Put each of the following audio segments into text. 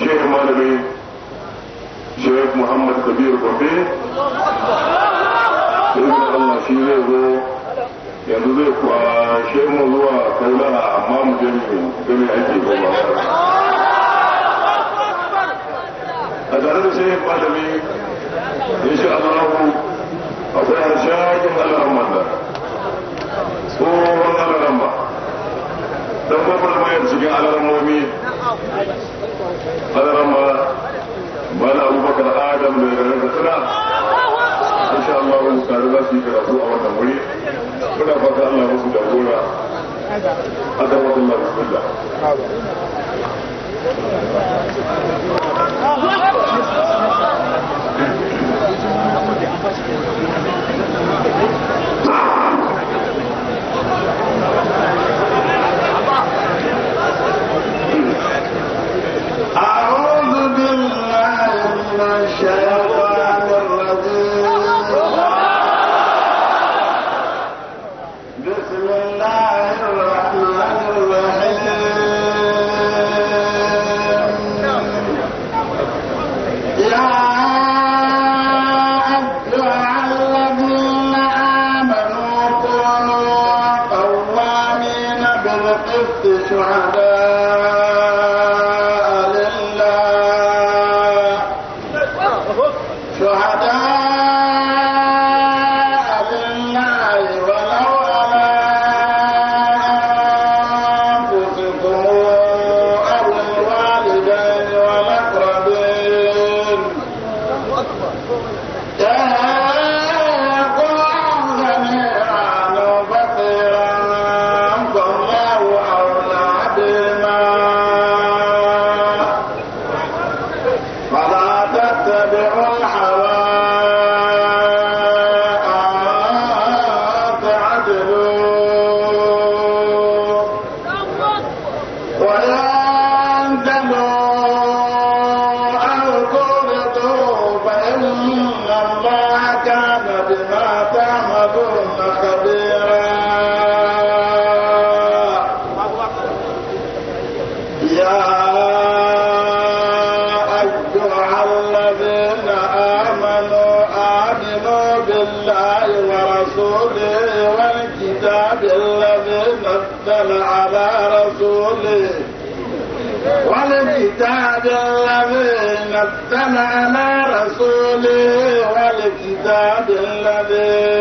شيخ مال مين شيخ محمد كبير بطيء شيخ الله شيخ هو يا ذوق شيخ مولوا قولا امام جنبي جميع الله اكبر ادرس شيخ مال مين ان شاء الله اصلي حاجات اللهم صل على محمد ثم قبل ما على المؤمن hadaran ma mana abubakar adam mai garin da suna insha Allah wani tare za su yi karatu a wannan wuri muna fata Allah musu da gora adam wa Allah bismillah Allah يا الذين آمنوا آمنوا بالله ورسوله والكتاب الذي نزل على رسوله والكتاب الذي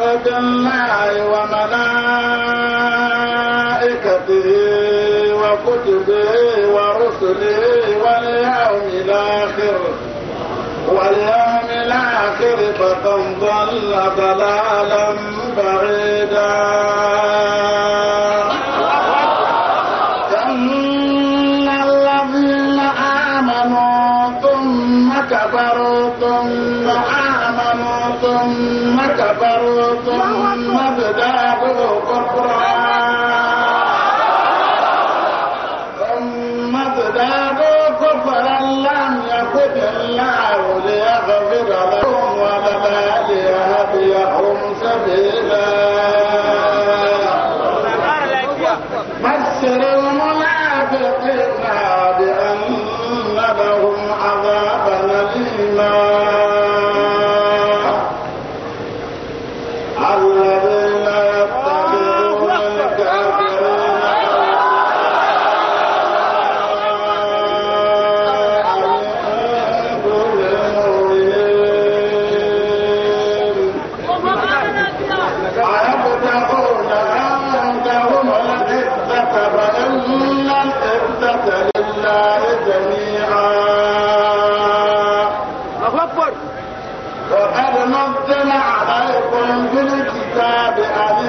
رسول الله وملائكته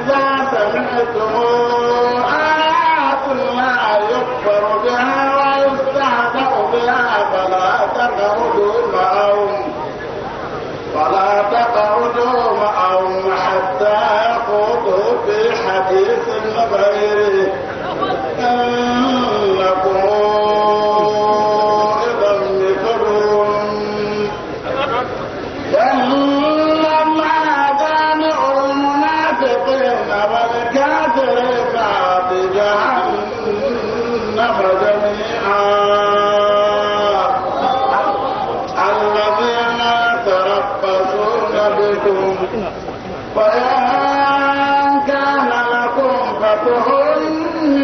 ¡Ya, ya, para hablar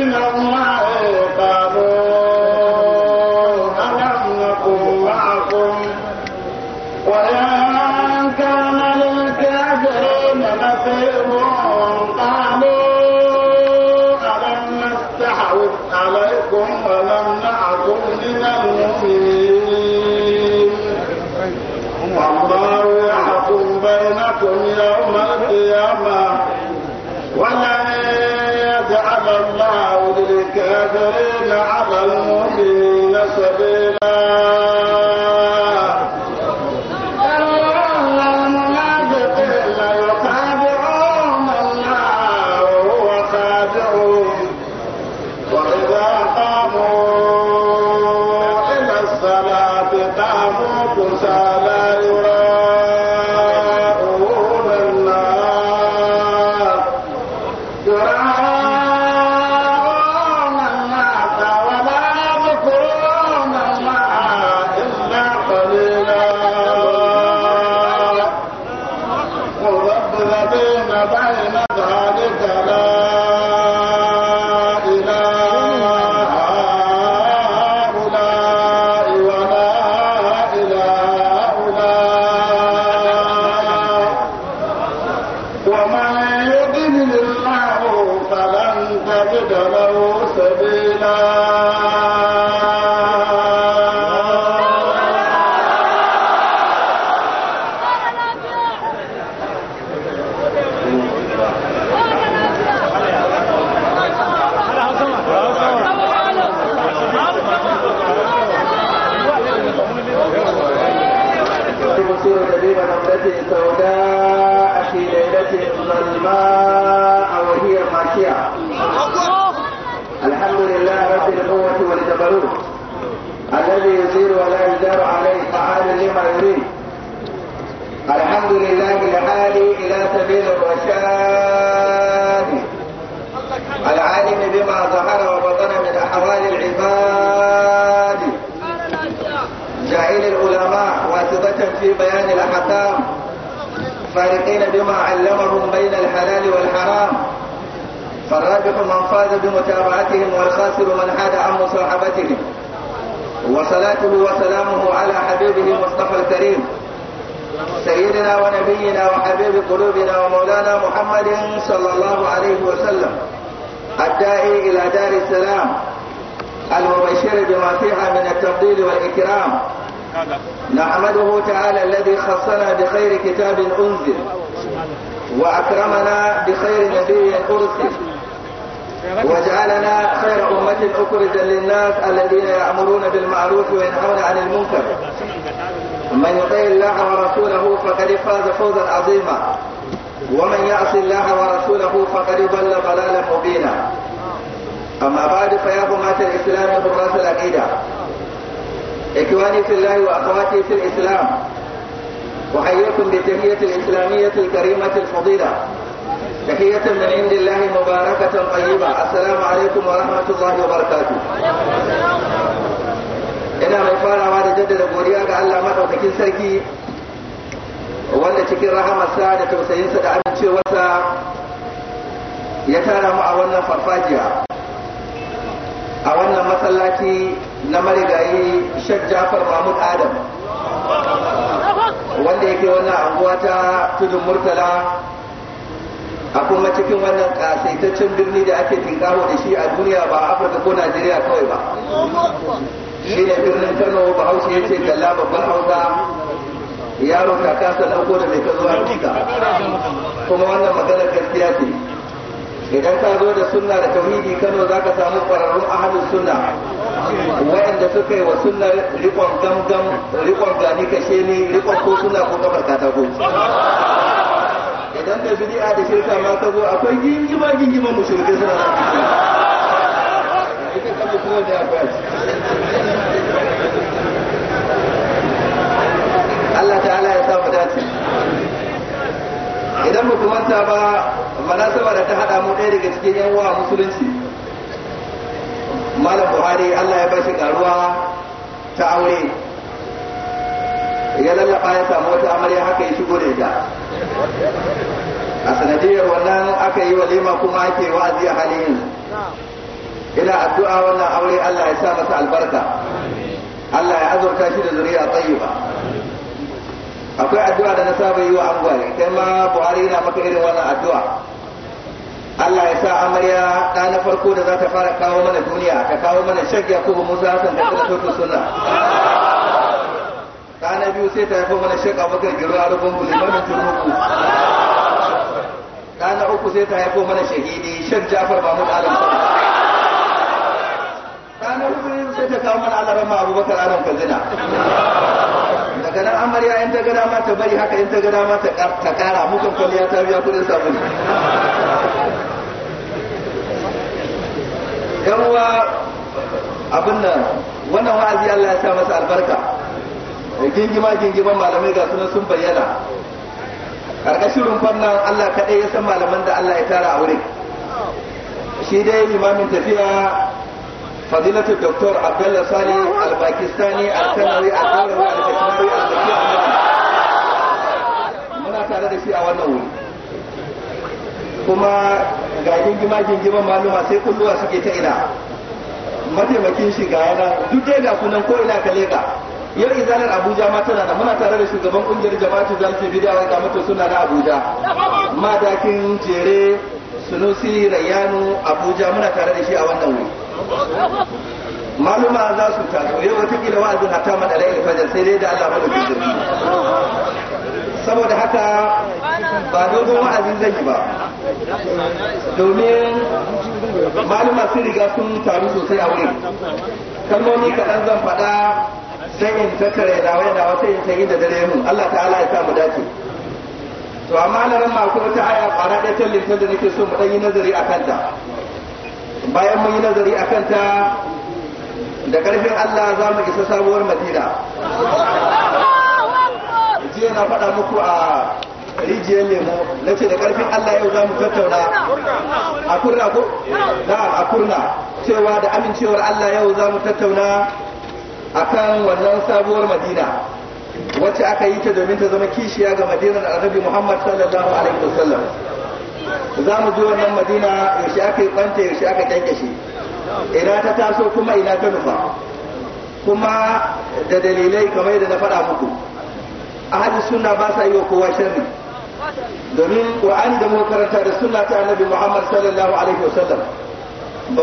إنهم قالوا ألم نكن معكم وإن كان للكافرين نصيب قالوا ألم نستحوذ عليكم ونمنعكم من المؤمنين والله يحكم بينكم يوم القيامة ولا Musa الجبروت الذي يثير ولا يجدر عليه تعالى لما يريد الحمد لله العالي الى سبيل الرشاد العالم بما ظهر وبطن من احوال العباد جاهل العلماء واسطة في بيان الاحكام فارقين بما علمهم بين الحلال فالرابح من فاز بمتابعتهم والخاسر من حاد عن مصاحبتهم وصلاته وسلامه على حبيبه المصطفى الكريم سيدنا ونبينا وحبيب قلوبنا ومولانا محمد صلى الله عليه وسلم الداعي إلى دار السلام المبشر بما فيها من التفضيل والإكرام نحمده تعالى الذي خصنا بخير كتاب أنزل وأكرمنا بخير نبي أرسل واجعلنا خير أمة أخرج للناس الذين يأمرون بالمعروف وينهون عن المنكر من يطيع الله ورسوله فقد فاز فوزا عظيما ومن يعص الله ورسوله فقد ضل ضلالا مبينا أما بعد فيا قمة الإسلام حراس العقيدة إخواني في الله وأخواتي في الإسلام أحييكم بالتحية الإسلامية الكريمة الفضيلة تحية من عند الله مباركة طيبة السلام عليكم ورحمة الله mai farawa da jaddada godiya ga Allah maɗaukakin sarki wanda cikin rahamarsa da tausayinsa da amincewarsa ya tara mu a wannan farfajiya a wannan masallaci na marigayi Sheikh Jafar Mahmud Adam wanda ya yake wannan anguwa tudun Murtala a kuma cikin wannan kasaitaccen birni da ake tinkaho da shi a duniya ba afirka ko najeriya kawai ba shi ne birnin kano bahaushe ya ce galla babban hausa yaro kaka kasa dauko da mai ka zuwa kuma wannan magana gaskiya ce idan ka zo da sunna da tauhidi kano za ka samu ƙwararrun ahalin sunna wayanda suka yi wa sunna rikon gamgam riƙon gani kashe ne riƙon ko suna ko kafar katako idan da bid'a da shirka ma ka zo akwai gingima gingima mushrikai suna ita kan mutum da abbas Allah ala ya sa mu dace idan mu manta ba munasaba da ta hada mu ɗaya daga cikin yan uwa musulunci malam buhari Allah ya ba shi karuwa ta aure ya lallaba ya samu wata amarya haka ya shigo da ita a sanadiyar wannan aka yi walima kuma ake wa'azi a halin yanzu ina addu'a wannan aure Allah ya sa masa albarka Allah ya azurta shi da zuriya tayyiba akwai addu'a da na saba yi wa sai kai ma Buhari yana maka irin wannan addu'a Allah ya sa amarya ɗa na farko da za ta fara kawo mana duniya ta kawo mana shagya ko Musa Hassan da kuma Sunna kana biyu sai ta haifo mana shek abubakar girma rufin mu limamin turmuku kana uku sai ta haifo mana shahidi shek jafar ba mu mahmud adam ɗana hudu sai ta kawo mana alaran ma abubakar alam kanzina daga nan amarya in ta gada ma ta bari haka in ta gada ma ta kara mukan kwalliya ta biya kudin sabuni yawa abin nan wannan wa'azi Allah ya sa masa albarka gingima gingiman malamai ga sunan sun bayyana karkashin rumfan nan Allah kaɗai ya san malaman da Allah ya tara a wurin shi dai limamin tafiya fadilatu doktor abdullahi sani al-pakistani al-kanawi al-kanawi al-kanawi muna tare da shi a wannan wuri kuma ga gingima gingiman maluma sai kulluwa suke ta ina mataimakin shi ga yana duk dai ga kunan ko ina ka leka yar izalar abuja ma tana da muna tare da shugaban kungiyar jama'atu zalfi bidiya wani kamata suna na abuja madakin jere sunusi rayanu abuja muna tare da shi a wannan wuri maluma za su taso yau watakila wa'azin hatta madara ilfajar sai dai da allah madaukin zirgi saboda haka ba dogon wa'azin zan yi ba domin maluma sun riga sun taru sosai a wurin kalmomi kaɗan zan faɗa sai in tattare da wai da sai in tayi da dare mun Allah ta'ala ya samu mu dace to amma na ran ma kuma ta aya fara ta tallin da nake so mu dan yi nazari akan ta bayan mun yi nazari akan ta da karfin Allah za mu isa sabuwar Madina jiya na faɗa muku a rijiyar lemo na ce da karfin Allah yau za mu tattauna a kurna ko? na a kurna cewa da amincewar Allah yau za mu tattauna akan wannan sabuwar madina wacce aka yi ta domin ta zama kishiya ga madinar annabi muhammad sallallahu alaihi wasallam za mu ji wannan madina yaushe aka yi kwanta yaushe aka kyankyashe ina ta taso kuma ina ta nufa kuma da dalilai kamar yadda na faɗa muku ahli suna ba sa yi wa kowa sharri domin qur'ani da muka karanta da sunna ta annabi muhammad sallallahu alaihi wasallam